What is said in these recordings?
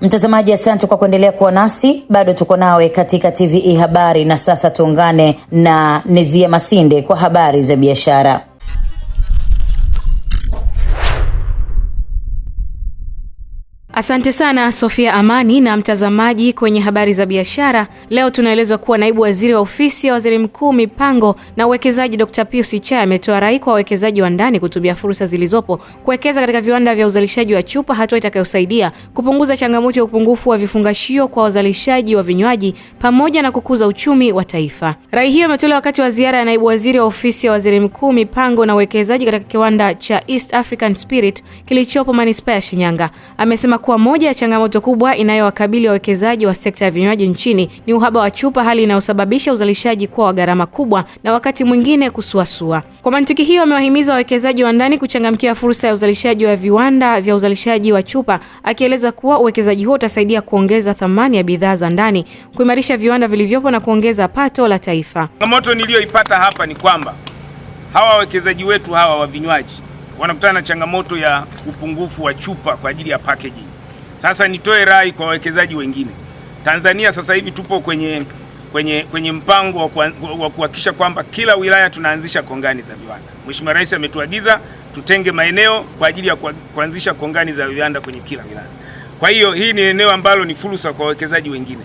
Mtazamaji, asante kwa kuendelea kuwa nasi, bado tuko nawe katika TVE Habari, na sasa tuungane na Nezia Masinde kwa habari za biashara. Asante sana Sofia Amani. Na mtazamaji, kwenye habari za biashara leo tunaelezwa kuwa naibu waziri wa ofisi ya waziri mkuu mipango na uwekezaji Dr Pius Ichai ametoa rai kwa wawekezaji wa ndani kutumia fursa zilizopo kuwekeza katika viwanda vya uzalishaji wa chupa, hatua itakayosaidia kupunguza changamoto ya upungufu wa vifungashio kwa wazalishaji wa vinywaji pamoja na kukuza uchumi wa taifa. Rai hiyo imetolewa wakati wa ziara ya naibu waziri wa ofisi ya waziri mkuu mipango na uwekezaji katika kiwanda cha East African Spirit kilichopo manispaa ya Shinyanga. Amesema kuwa moja ya changamoto kubwa inayowakabili wawekezaji wa sekta ya vinywaji nchini ni uhaba wa chupa, hali inayosababisha uzalishaji kuwa wa gharama kubwa na wakati mwingine kusuasua. Kwa mantiki hiyo, amewahimiza wawekezaji wa ndani kuchangamkia fursa ya uzalishaji wa viwanda vya uzalishaji wa chupa, akieleza kuwa uwekezaji huo utasaidia kuongeza thamani ya bidhaa za ndani, kuimarisha viwanda vilivyopo na kuongeza pato la taifa. Changamoto niliyoipata hapa ni kwamba hawa wawekezaji wetu hawa wa vinywaji wanakutana na changamoto ya upungufu wa chupa kwa ajili ya packaging. Sasa nitoe rai kwa wawekezaji wengine. Tanzania sasa hivi tupo kwenye, kwenye, kwenye mpango wa kuhakikisha kwamba kila wilaya tunaanzisha kongani za viwanda. Mheshimiwa Rais ametuagiza tutenge maeneo kwa ajili ya kuanzisha kongani za viwanda kwenye kila wilaya. Kwa hiyo hii ni eneo ambalo ni fursa kwa wawekezaji wengine,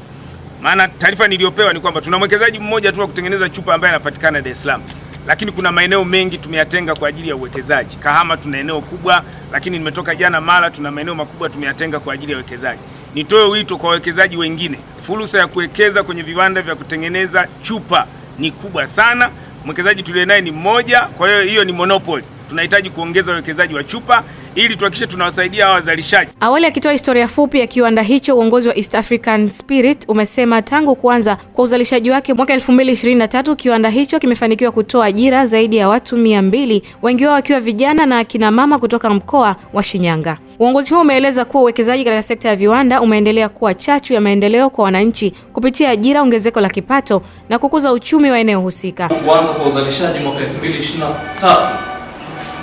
maana taarifa niliyopewa ni kwamba tuna mwekezaji mmoja tu wa kutengeneza chupa ambaye anapatikana Dar es Salaam lakini kuna maeneo mengi tumeyatenga kwa ajili ya uwekezaji. Kahama tuna eneo kubwa, lakini nimetoka jana Mara, tuna maeneo makubwa tumeyatenga kwa ajili ya uwekezaji. Nitoe wito kwa wawekezaji wengine, fursa ya kuwekeza kwenye viwanda vya kutengeneza chupa ni kubwa sana. Mwekezaji naye ni mmoja, kwa hiyo hiyo ni monopoli tunahitaji kuongeza uwekezaji wa chupa ili tuhakikishe tunawasaidia hawa wazalishaji. Awali akitoa historia fupi ya kiwanda hicho, uongozi wa East African Spirit umesema tangu kuanza kwa uzalishaji wake mwaka 2023 kiwanda hicho kimefanikiwa kutoa ajira zaidi ya watu mia mbili, wengi wao wakiwa vijana na akina mama kutoka mkoa wa Shinyanga. Uongozi huo umeeleza kuwa uwekezaji katika sekta ya viwanda umeendelea kuwa chachu ya maendeleo kwa wananchi kupitia ajira, ongezeko la kipato na kukuza uchumi wa eneo husika. Kuanza kwa uzalishaji mwaka 2023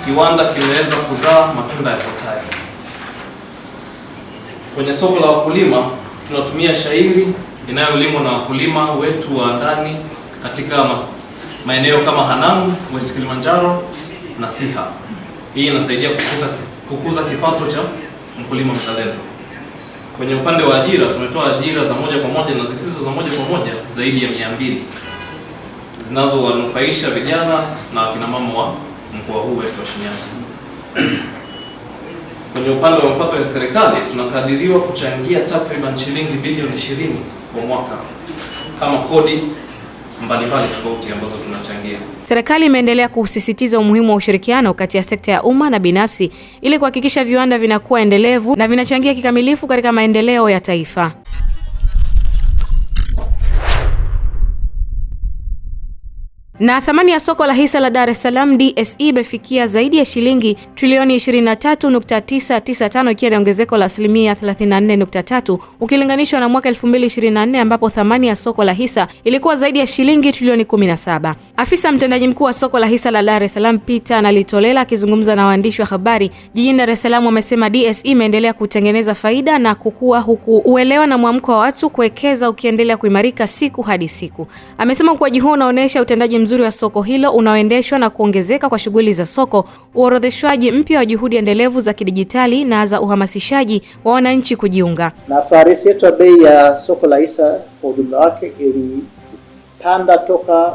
kiwanda kimeweza kuzaa matunda yafuatayo. Kwenye soko la wakulima tunatumia shairi inayolimwa na wakulima wetu wa ndani katika maeneo kama Hanangu, West Kilimanjaro na Siha. Hii inasaidia kukuza, kukuza kipato cha mkulima mzalendo. Kwenye upande wa ajira tumetoa ajira za moja kwa moja na zisizo za moja kwa moja zaidi ya mia mbili zinazowanufaisha vijana na wakinamama wa mkoa huu wetu wa Shinyanga. Kwenye upande wa mapato ya serikali tunakadiriwa kuchangia takriban shilingi bilioni 20 kwa mwaka kama kodi mbalimbali tofauti ambazo tunachangia. Serikali imeendelea kusisitiza umuhimu wa ushirikiano kati ya sekta ya umma na binafsi ili kuhakikisha viwanda vinakuwa endelevu na vinachangia kikamilifu katika maendeleo ya taifa. Na thamani ya soko la hisa la Dar es Salaam DSE imefikia zaidi ya shilingi trilioni 23.995 ikiwa ni ongezeko la asilimia 34.3 ukilinganishwa na mwaka 2024 ambapo thamani ya soko la hisa ilikuwa zaidi ya shilingi trilioni 17. Afisa mtendaji mkuu wa soko la hisa la Dar es Salaam Peter Nalitolela akizungumza na waandishi wa habari jijini Dar es Salaam amesema DSE imeendelea kutengeneza faida na kukua huku uelewa na mwamko wa watu kuwekeza ukiendelea kuimarika siku hadi siku. Amesema ukuaji huo unaonesha utendaji mzuri wa soko hilo unaoendeshwa na kuongezeka kwa shughuli za soko, uorodheshwaji mpya wa juhudi endelevu za kidijitali na za uhamasishaji wa wananchi kujiunga. Na farisi yetu ya bei ya soko la hisa kwa ujumla wake ilipanda toka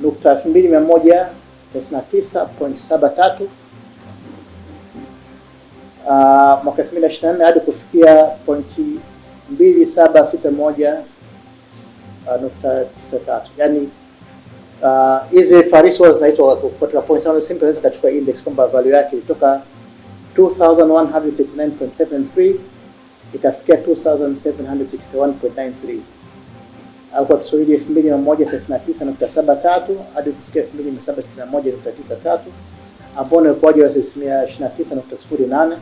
nukta 2139.73 uh, ah, mwaka 2024 hadi kufikia pointi 2761 Uh, nukta yani Uh, hizi uh, fariswa huwa zinaitwa katika point sound simple. Naweza kachukua index kwamba value yake kutoka 2139.73 ikafikia 2761.93 au kwa Kiswahili 2139.73 hadi kufikia 2761.93 ambao ni ukuaji wa asilimia 29.08.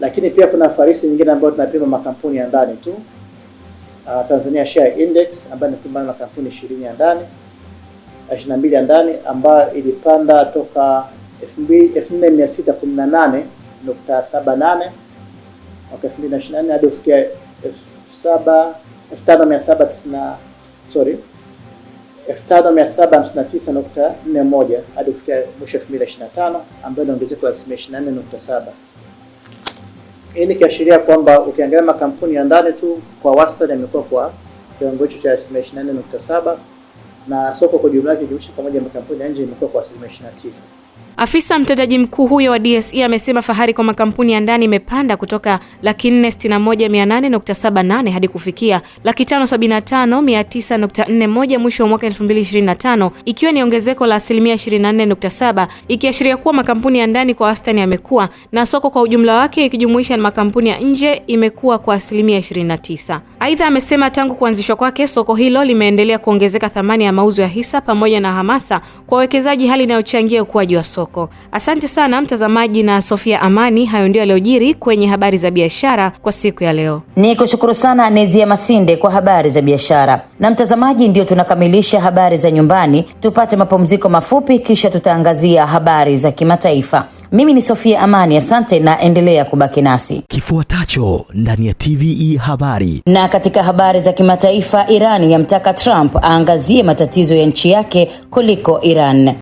Lakini pia kuna farisi nyingine ambayo tunapima makampuni ya ndani tu, uh, Tanzania Share Index ambayo inapimana na kampuni ishirini ya ndani ishirini na mbili ya ndani ambayo ilipanda toka elfu nne mia sita kumi na nane nukta saba nane mwaka elfu mbili na ishirini na nne hadi kufikia elfu tano mia saba tisini na sorry elfu tano mia saba hamsini na tisa nukta nne moja hadi kufikia mwisho elfu mbili na ishirini na tano ambayo ni ongezeko la asilimia ishirini na nne nukta saba. Hii ni kiashiria kwamba ukiangalia makampuni ya ndani tu kwa wastani yamekuwa kwa kiwango hicho cha asilimia ishirini na nne nukta saba na soko kwa jumla yake jumlisha pamoja na makampuni ya nje imekuwa kwa asilimia 29. Afisa mtendaji mkuu huyo wa DSE amesema fahari kwa makampuni ya ndani imepanda kutoka laki nne hadi kufikia laki tano mwisho wa mwaka 2025, ikiwa ni ongezeko la asilimia 247 ikiashiria kuwa makampuni ya ndani kwa wastani yamekuwa na soko kwa ujumla wake ikijumuisha na makampuni ya nje imekuwa kwa asilimia 29 Aidha amesema tangu kuanzishwa kwake soko hilo limeendelea kuongezeka thamani ya mauzo ya hisa pamoja na hamasa kwa wawekezaji, hali inayochangia ukuaji wa soko soko. Asante sana mtazamaji na Sofia Amani, hayo ndio yaliyojiri kwenye habari za biashara kwa siku ya leo. Ni kushukuru sana Nezia Masinde kwa habari za biashara. Na mtazamaji, ndio tunakamilisha habari za nyumbani, tupate mapumziko mafupi, kisha tutaangazia habari za kimataifa. Mimi ni Sofia Amani, asante na endelea kubaki nasi. Kifuatacho ndani ya TVE habari. Na katika habari za kimataifa, Iran yamtaka Trump aangazie matatizo ya nchi yake kuliko Iran.